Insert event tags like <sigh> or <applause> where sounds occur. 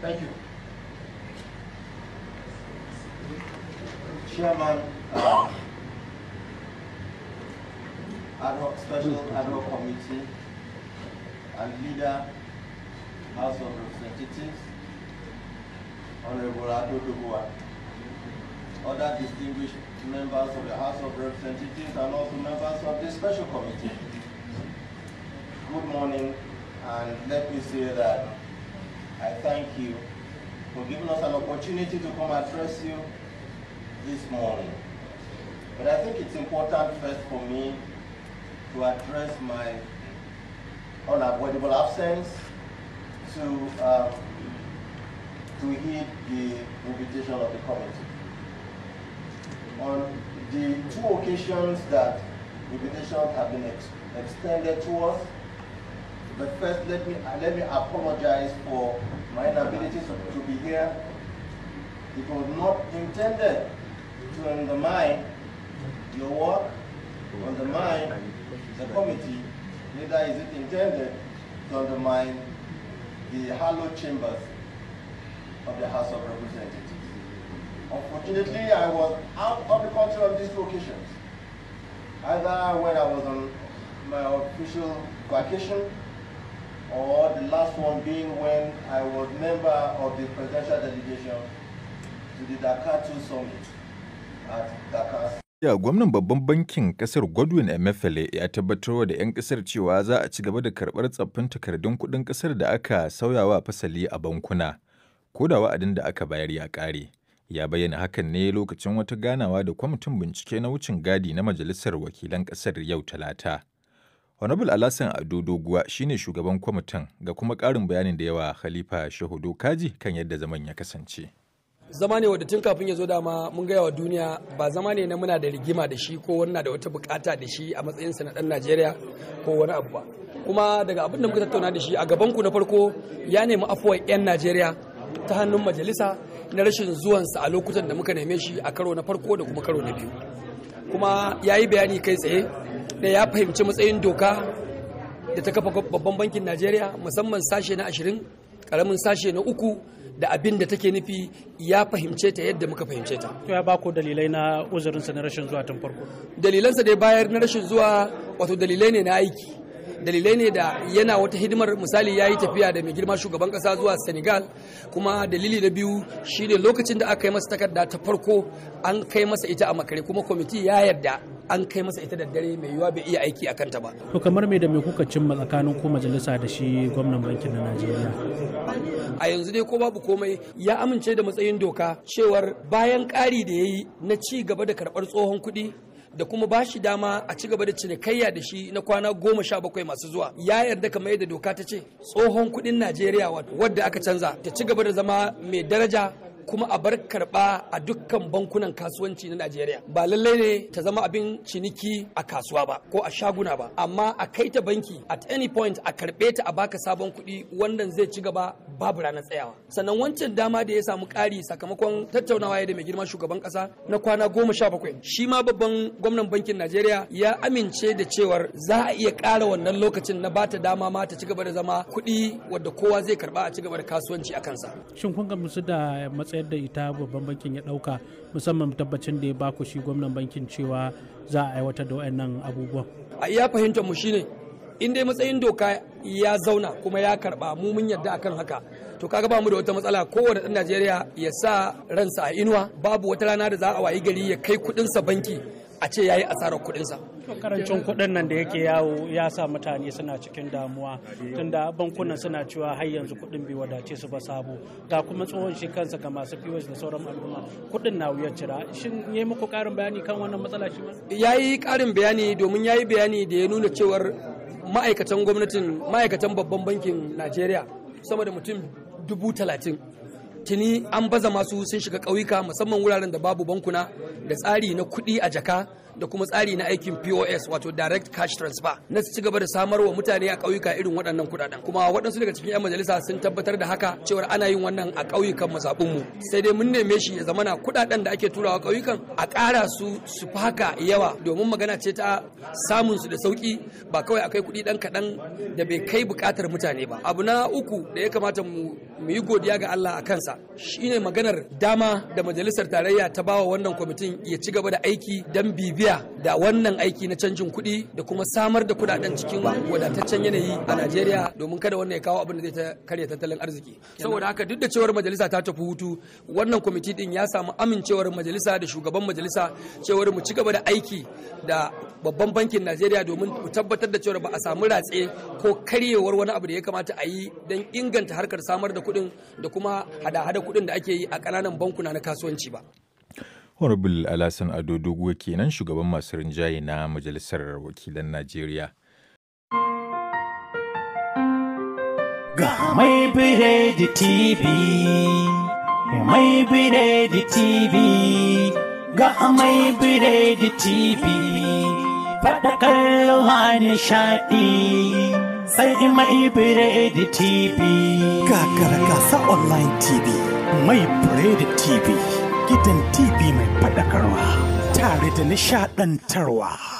Thank you. Chairman, uh, <coughs> ad hoc, special ad hoc committee, and leader, House of Representatives, Honorable Adodogua, other distinguished members of the House of Representatives and also members of this special committee. Good morning, and let me say that I thank you for giving us an opportunity to come address you this morning. But I think it's important first for me to address my unavoidable absence to, um, to heed the invitation of the committee. On the two occasions that invitations have been ex extended to us, but first, let me, uh, let me apologize for my inability to be here. It was not intended to undermine your work, undermine the committee, neither is it intended to undermine the hallowed chambers of the House of Representatives. Unfortunately, I was out of the country on these occasions, either when I was on my official vacation or the last one being when I was member of the presidential delegation to the Dakar 2 summit at Dakar. Ya gwamnan babban bankin kasar Godwin Emefiele ya tabbatar da 'yan kasar cewa za a ci gaba da karɓar tsaffin takardun kuɗin kasar da aka sauyawa fasali a bankuna, ko da wa'adin da aka bayar ya ƙare. Ya bayyana hakan ne lokacin wata ganawa da kwamitin bincike na wucin gadi na Majalisar Wakilan kasar yau Talata. Honorable Alassane Ado Doguwa shine shugaban kwamitin ga kuma ƙarin bayanin da yawa Khalifa Shahudu kaji kan yadda zaman ya kasance. zama ne wadda tun kafin ya zo dama mun gaya wa duniya ba zama ne na muna da rigima da shi ko wani da wata bukata da shi a matsayinsa na dan najeriya ko wani abu ba kuma daga abin da muka tattauna da shi a gaban ku na farko ya nemi afuwar 'yan najeriya ta hannun majalisa na rashin zuwansa a lokutan da muka neme shi a karo na farko da kuma karo na biyu kuma ya yi bayani kai tsaye da ya fahimci matsayin doka da ta kafa babban bankin najeriya musamman sashe na ashirin karamin sashe na uku da abin da take nufi ya fahimce ta yadda muka fahimce ta. To ya bako dalilai na uzurinsa na rashin zuwa tun farko? Dalilansa dai bayar na rashin zuwa wato dalilai ne na aiki. Dalilai ne da yana wata hidimar misali ya yi tafiya da mai girma shugaban kasa zuwa Senegal kuma dalili na biyu shine lokacin da aka yi masa takarda ta farko an kai masa ita a makare kuma kwamiti ya yarda an kai masa ita daddare mai yiwuwa bai iya aiki a kanta ba. To kamar me da me kuka cimma tsakanin ko majalisa da shi gwamnan bankin na Najeriya? A yanzu dai ko babu komai ya amince da matsayin doka cewar bayan ƙari da ya yi na ci gaba da karɓar tsohon kuɗi da kuma ba shi dama a ci gaba da cinikayya da shi na kwana goma sha bakwai masu zuwa ya yarda kamar yadda doka ta ce tsohon kuɗin najeriya wadda aka canza ta ci gaba da zama mai daraja kuma a bar karɓa a dukkan bankunan kasuwanci na Najeriya ba lallai ne ta zama abin ciniki a kasuwa ba ko a shaguna ba amma a kai ta banki at any point a karɓe ta a baka sabon kuɗi wannan zai ci gaba babu ranar tsayawa sannan wancan dama da ya samu ƙari sakamakon tattaunawa ya da mai girma shugaban ƙasa na kwana goma sha bakwai shi ma babban gwamnan bankin Najeriya ya amince da cewar za a iya ƙara wannan lokacin na bata dama ma ta ci gaba da zama kuɗi wadda kowa zai karba a ci gaba da kasuwanci a kansa shin kun gamsu da matsayin da ita babban bankin ya dauka musamman tabbacin da ya ba ku shi gwamnan bankin cewa za a aiwatar da wayannan abubuwan a iya fahimtar mu shine in dai matsayin doka ya zauna kuma ya karba mu mun yadda akan haka to kaga ba mu da wata matsala kowane dan Najeriya ya sa ransa a inuwa babu wata rana da za a wayi gari ya kai sa banki a ce ya yi asarar kuɗinsa. karancin kuɗin nan da yake yawo ya sa mutane suna cikin damuwa tunda bankunan suna cewa har yanzu kuɗin bai wadace su ba sabo ga kuma tsohon shi kansa ga masu POS da sauran al'umma kuɗin na wuyar cira shin yayi muku ƙarin bayani kan wannan matsala shi ma yi ƙarin bayani domin ya yi bayani da ya nuna cewar ma'aikatan gwamnatin ma'aikatan babban bankin Najeriya sama da mutum dubu talatin tuni an baza masu sun shiga ƙauyuka musamman wuraren da babu bankuna da tsari na kuɗi a jaka da kuma tsari na aikin POS wato direct cash transfer na su ci gaba da samar wa mutane a ƙauyuka irin waɗannan kuɗaɗen kuma waɗansu daga cikin 'yan majalisa sun tabbatar da haka cewar ana yin wannan a ƙauyukan mu sai dai mun neme shi ya zama na kuɗaɗen da ake turawa ƙauyukan a ƙara su su faka yawa domin magana ce ta samun su da sauki ba kawai akai kuɗi ɗan kaɗan da bai kai buƙatar mutane ba abu na uku da ya kamata mu mu yi godiya ga Allah a kansa shine maganar dama da majalisar tarayya ta bawa wannan kwamitin ya ci gaba da aiki dan bibiya Najeriya da wannan aiki na canjin kuɗi da kuma samar da kuɗaɗen cikin wadataccen yanayi a Najeriya domin kada wannan ya kawo abin da zai karya tattalin arziki. Saboda haka duk da cewar majalisa ta tafi hutu wannan kwamiti din ya samu amincewar majalisa da shugaban majalisa cewar mu ci gaba da aiki da babban bankin Najeriya domin mu tabbatar da cewar ba a samu ratse ko karyewar wani abu da ya kamata a yi don inganta harkar samar da kuɗin da kuma hada-hada kuɗin da ake yi a ƙananan bankuna na kasuwanci ba. Honorable Alasan Ado Doguwa kenan shugaban masu rinjaye na Majalisar Wakilan Najeriya. Ga mai biredi TV, mai biredi TV, ga mai biredi TV, faɗa kallo nishaɗi. sai mai biredi TV. Kakara gasa online TV, mai biredi TV. gidan TV mai faɗakarwa tare da nishaɗantarwa.